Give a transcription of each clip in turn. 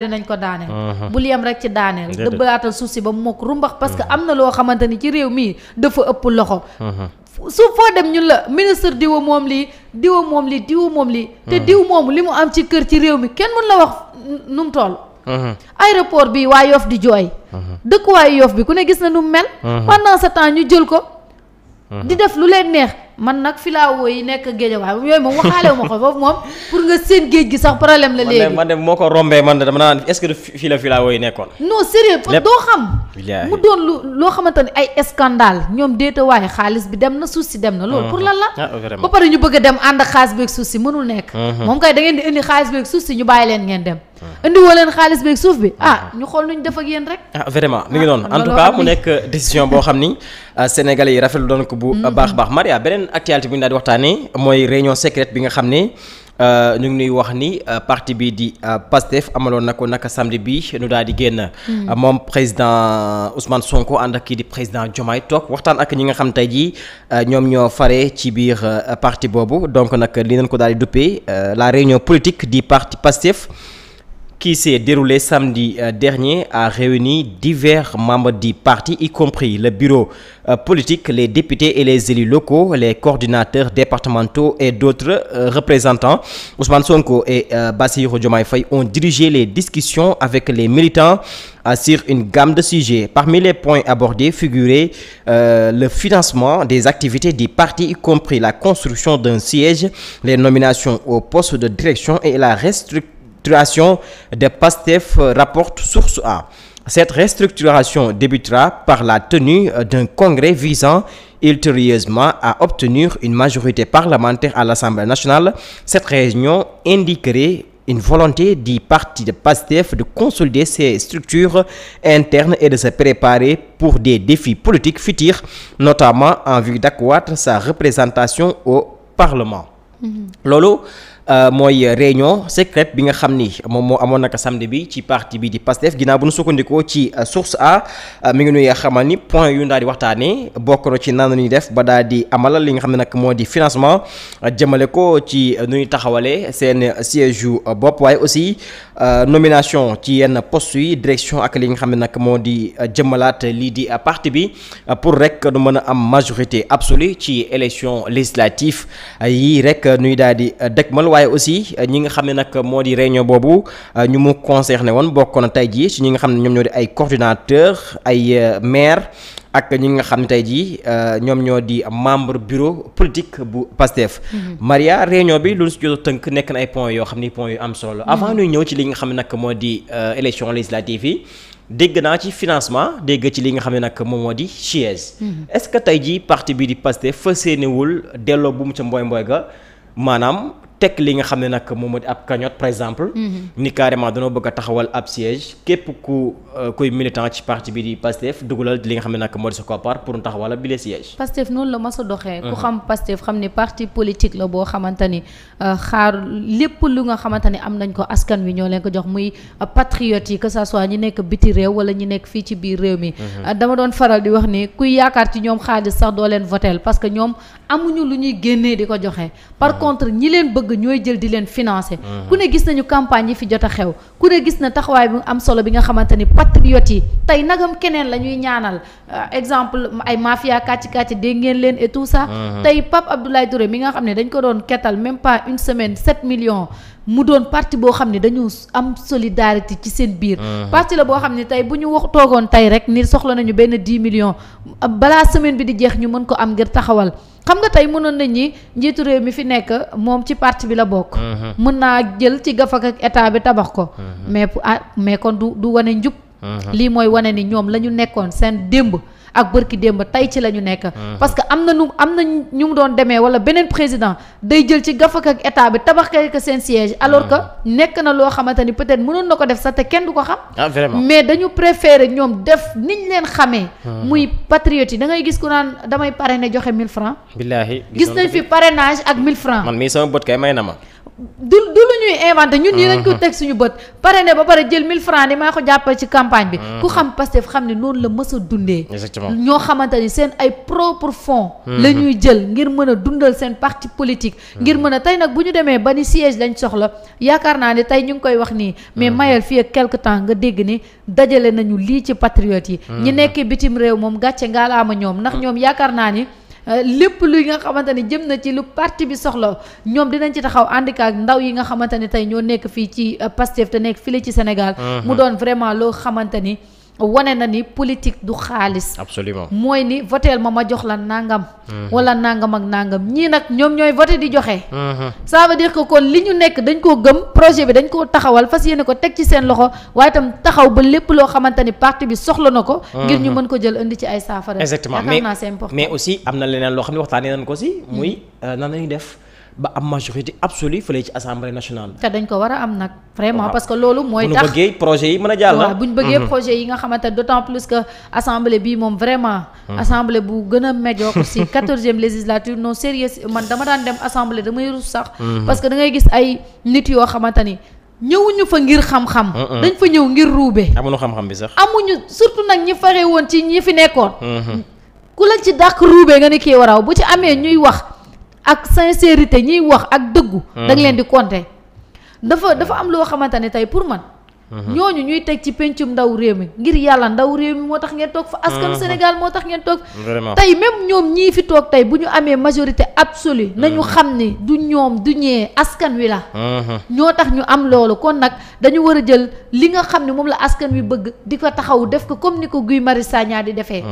dinañ ko daaneel bul yem rek ci daaneel dëbbalaatal suuf si ba mu mokk rumbax parce que am na loo xamante ni ci réew mii dafa ëpp loxo su foo dem ñun la ministre diwa moom lii diwa moom lii diwa moom lii te diw moomu li mu am ci kër ci réew mi kenn mën la wax nu mu toll aéroport bi waaye Yoff di jooy dëkkuwaayu yoof bi ku ne gis na nu mu mel pendant ce temps ñu jël ko di def lu leen neex man nag filaawo yi nekk géejawaay moom yooyu moom waxaale ma ko foofu moom pour nga seen géej gi sax problème la léegi man de moo ko rombee man de dama naan est-ce que fii la filaawo yi nekkoon non sérieux loo xamante ne ay scandale ñoom déetawaay xaalis bi dem na suuf si dem na loolu pour lan la mm-hmm. ah, ba pare ñu bëgg a dem ànd ak xaalis beeg suuf si mënul nekk mm-hmm. moom kay da di indi xaalis beeg suuf si ñu bàyyi leen ngeen dem mm-hmm. indi woo leen xaalis beeg suuf bi ah ñu xool nu ñu def ak yéen rek ah vraiment mi ngi ah, noonu en mu nekk décision boo xam ni euh, sénégalais yi rafetlu doon ko bu baax baax Maria beneen beneen actualité bu ñu daal di waxtaanee mooy réunion secrète bi nga xam ne euh, ñu ngi nuy wax ni euh, parti bi di euh, PASTEF amaloon na ko naka samedi bi nu daal di génn. Hmm. moom président Ousmane Sonko ànd ak kii di président Diomaye toog waxtaan ak ñi nga xam tey ji ñoom ñoo fare ci biir parti boobu donc nag li nañ ko daal di duppee la réunion politique di parti PASTEF. qui s'est déroulé samedi euh, dernier a réuni divers membres du parti, y compris le bureau euh, politique, les députés et les élus locaux, les coordinateurs départementaux et d'autres euh, représentants. Ousmane Sonko et Bassirou Diomaye Faye ont dirigé les discussions avec les militants sur une gamme de sujets. Parmi les points abordés figuraient euh, le financement des activités du parti, y compris la construction d'un siège, les nominations au poste de direction et la restructuration restructuration de PASTEF euh, rapporte Source A. Cette restructuration débutera par la tenue euh, d'un congrès visant ultérieurement à obtenir une majorité parlementaire à l'Assemblée nationale. Cette réunion indiquerait une volonté du parti de PASTEF de consolider ses structures internes et de se préparer pour des défis politiques futurs, notamment en vue d'accroître sa représentation au Parlement. Mmh. Lolo Euh, mooy réunion secrète bi nga xam ni moom moo amoon naka samedi bi ci parti bi di Pastef ginnaaw bu nu sukkandikoo ci euh, source a euh, mi ngi nuy xamal ni point yu ñu daal di waxtaanee bokk na ci nan la ñuy def ba daal di amalal li nga xam ne nag moo di financement jëmale ko ci nu ñuy taxawalee seen siège yu bopp waaye aussi nomination ci yenn poste yi direction ak li nga xam ne nag moo di jëmmalaat lii di parti bi pour rek nu mën a am majorité absolue ci élection législative yi daal waaye aussi euh, ñi nga xam ne nag moo di réunion boobu euh, ñu mu concerné woon bokkoon na tey jii ñi nga xam ne ñoom ñoo di ay coordinateur ay euh, maire ak ñi nga xam ne tey jii ñoom ñoo di membre bureau politique bu PASTEF. Mhm. Maria réunion bi lu si jot tënk nekk na ay points yoo xam ni points yu am solo la. avant mhm. ñuy ñëw ci li nga xam ne nag moo di élection législative yi. dégg naa ci financement dégg ci li nga xam ne nag moom moo di chaise. Mhm. est-ce que tey jii parti bi di PASTEF fas yéenewul delloo bu mu ca mboy maanaam. teg li nga xam ne nag moom moo di ab cagnotte par exemple. Mm-hmm. ni carrément danoo bëgg a taxawal ab siège képp ku euh, kuy militant ci parti bi di Pastef dugalal li nga xam ne nag moo di sa koppar pour taxawal bi le siège. Pastef noonu la mas a doxee. ku mm-hmm. xam Pastef xam ne parti politique la boo xamante ni euh, xaar lépp lu nga xamante ni am nañ ko askan wi ñoo leen ko jox muy euh, patriote yi que ça soit ñi nekk biti réew wala ñi nekk fii ci biir réew mi. Mm-hmm. dama doon faral di wax ni kuy yaakaar ci ñoom xaalis sax doo leen votel parce que ñoom amuñu lu ñuy génnee di ko joxe. bëgg ñooy jël di leen financé ku ne gis nañu campagne yi fi jot a xew ku ne gis na taxawaay bu am solo bi nga xamante ni patriotes yi tey nagam keneen la ñuy ñaanal euh, exemple ay mafia kàcci kàcci dégg ngeen leen et tout ça. tey pap Abdoulaye Touré mi nga xam ne dañ ko doon kettal même pas une semaine 7 million mu doon parti boo xam ne dañu am solidarité ci seen biir. parti la boo xam ne tey bu ñu wax toogoon tey rek ni soxla nañu benn 10 million balaa semaine bi di jeex ñu mën ko am ngir taxawal. xam nga tey mënoon nañ ñi njiitu réew mi fi nekk moom ci parti bi la bokk. Mm-hmm. mën naa jël ci gafak ak état bi tabax ko. Mm-hmm. mais ah mais kon du du wane njub. Mm-hmm. lii mooy wane ni ñoom la ñu nekkoon seen démb. ak bërki démb tey ci la ñu nekk. Uh-huh. parce que am na nu am na ñu mu doon demee wala beneen président day jël ci gafak ak état bi tabax ko seen siège. Uh-huh. alors que nekk na loo xamante ni peut-être mënoon na ko def sax te kenn du ko xam. ah vraiment mais dañu préférer ñoom def niñ leen xame uh-huh. muy patriote yi da ngay gis ku naan damay parrainer joxe 1000 francs. billaahi gis nañ fi parrainage ak 1000 francs. man mii sama bët kay may na ma. du du lu ñuy inventé ñun ñi dañ ko uh-huh. teg suñu bët pare ne ba pare jël mille francs ni maa ko jàppal ci campagne bi uh-huh. ku xam Pastef xam ne noonu la mës a dundee ñoo xamante ni seen ay propre fonds uh-huh. la ñuy jël ngir mën a dundal seen parti politique ngir mën a tey nag bu ñu demee ba ni siège dañ soxla yaakaar naa ne tey ñu ngi koy wax nii mais mayal fii ak quelque temps nga dégg ni dajale nañu lii ci patriotes yi ñi nekk bitim réew moom gàcce ngaalaama ñoom ndax yaakaar naa ni Euh, lépp luy nga xamante ni jëm na ci lu parti bi soxla ñoom dinañ ci taxaw àndika ak ndaw yi nga xamante ni tey ñoo nekk fii ci euh, Pastef te nekk fii la ci Sénégal mu doon vraiment loo xamante ni wane na ni politique du xaalis. absolument mooy ni voteel ma ma jox la nangam. Mhm. wala nangam ak nangam ñii nag ñoom ñooy voté di joxe. Mhm. ça veut kon li ñu nekk dañ koo gëm projet bi dañ koo taxawal fas yéene ko teg ci seen loxo waaye itam taxaw ba lépp loo xamante ni parti bi soxla na ko. ngir ñu mhm. mën ko jël indi ci ay saafara. exactement mais mais aussi am na leneen loo xam ne waxtaanee nañ ko si. muy euh, nan la def. ba am majorité absolue fële ci assemblée nationale. te dañ ko war a am nag. vraiment parce que loolu mooy. tax bu bëggee projet yi mën a jàll. waaw bu ñu bëggee mhm. projet yi nga xamante ne d' autant plus que assemblée bii moom vraiment. Mhm. assemblée bu gën a si quatorzième législature non sérieux man dama daan dem assemblée damay rus sax. Mhm. parce que da ngay gis ay nit yoo xamante ni. ñu fa ngir xam-xam. dañ fa ñëw ngir ruube. amuñu xam bi sax. amuñu surtout nag ñi faree woon ci ñi fi nekkoon. k la ci dàq ruube nga wax. ak sincérité ñiy wax ak dëggu. Hmm. da leen di compter. dafa dafa hmm. am loo xamante ne tey pour man. Mhm. ñooñu ñuy teg ci pencum ndaw réew mi ngir yàlla ndaw réew mi moo tax ngeen toog fa askan mhm. Sénégal moo tax ngeen toog tey même ñoom ñii fi toog tey bu ñu amee majorité mhm. na ñu xam ni du ñoom du ñee askan wi la ñoo tax ñu am loolu kon nag dañu war a jël li nga xam ne moom la askan wi bëgg di ko taxaw def ko comme ni ko Guy Marius Sagna di defee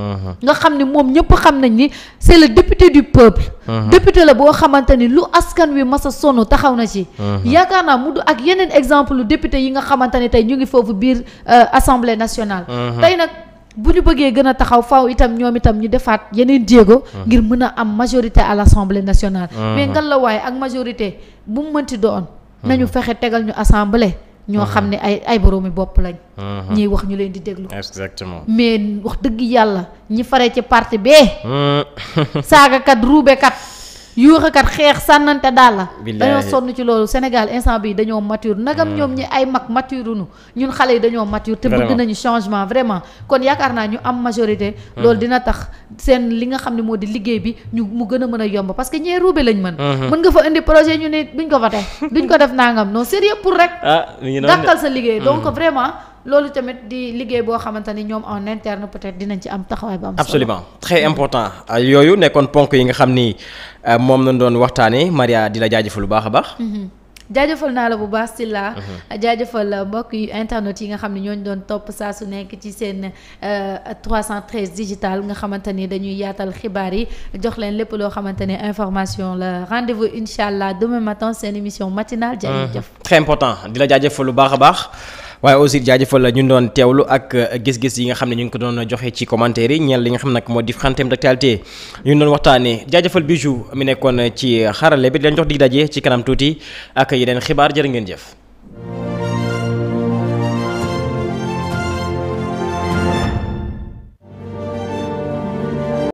nga xam ne moom ñëpp xam nañ ni c'est le député du peuple député la boo xamante ni lu askan wi mas a sonn taxaw na ci yaakaar naa mu du ak yeneen exemple député yi nga xamante ni tey ñu ngi foofu biir euh, assemblée nationale uh-huh. tey nag bu ñu bëggee gën a taxaw faw itam ñoom itam ñu defaat yeneen jéego uh-huh. ngir mën a am majorité à l'assemblée nationale uh-huh. mais ngal la waaye ak majorité bu mu mënti doon nañu fexe tegal ñu assemblée ñoo xam ne ay ay boroomi bopp lañ ñiy wax ñu leen di déglu exactement mais wax dëgg yàlla ñi faree ci parti bee saagakat ruubekat yuuxakat xeex sànnante daal la dañoo sonn ci loolu Sénégal instant bi dañoo mature nagam hmm. ñoom ñi ay mag mature nu ñun xale yi dañoo mature te bëgg nañu changement vraiment kon yaakaar naa ñu am majorité hmm. loolu dina tax seen li nga xam ne moo di liggéey bi ñu mu gën a mën a yomb parce que ñee ruube lañ mën hmm. mën nga fa indi projet ñu ne duñ ko voté duñ ko def nangam non sérieux pour rek ah, dàkkal sa liggéey donc vraiment loolu tamit di liggéey boo xamante ni ñoom en interne peut-être dinañ ci am taxawaay bu am absolument très important euh, yooyu nekkoon ponk yi nga xam ni euh, moom lañ doon waxtaanee Maria di la jaajëfal lu baax a baax. Mm-hmm. jaajëfal naa la bu baax si mm-hmm. jaajëfal mbokk yu internet yi nga xam ne ñooñu doon topp saa su nekk ci seen 313 euh, digital nga xamante ni dañuy yaatal xibaar yi jox leen lépp loo xamante ne information la rendez-vous allah demain matin seen émission matinale. jaajëf mm-hmm. très important di la jaajëfal lu baax a baax. waaye aussi jaajëfal la ñu doon teewlu ak euh, gis-gis yi nga xam ne ñu ngi ko doon joxe ci commentaire yi ñeel li nga xam nag moo di xantem d'actualité ñu doon waxtaanee jaajëfal bijou mi nekkoon ci xarale bi dañ jox di daje ci kanam tuuti ak deen xibaar jërë ngeen jëf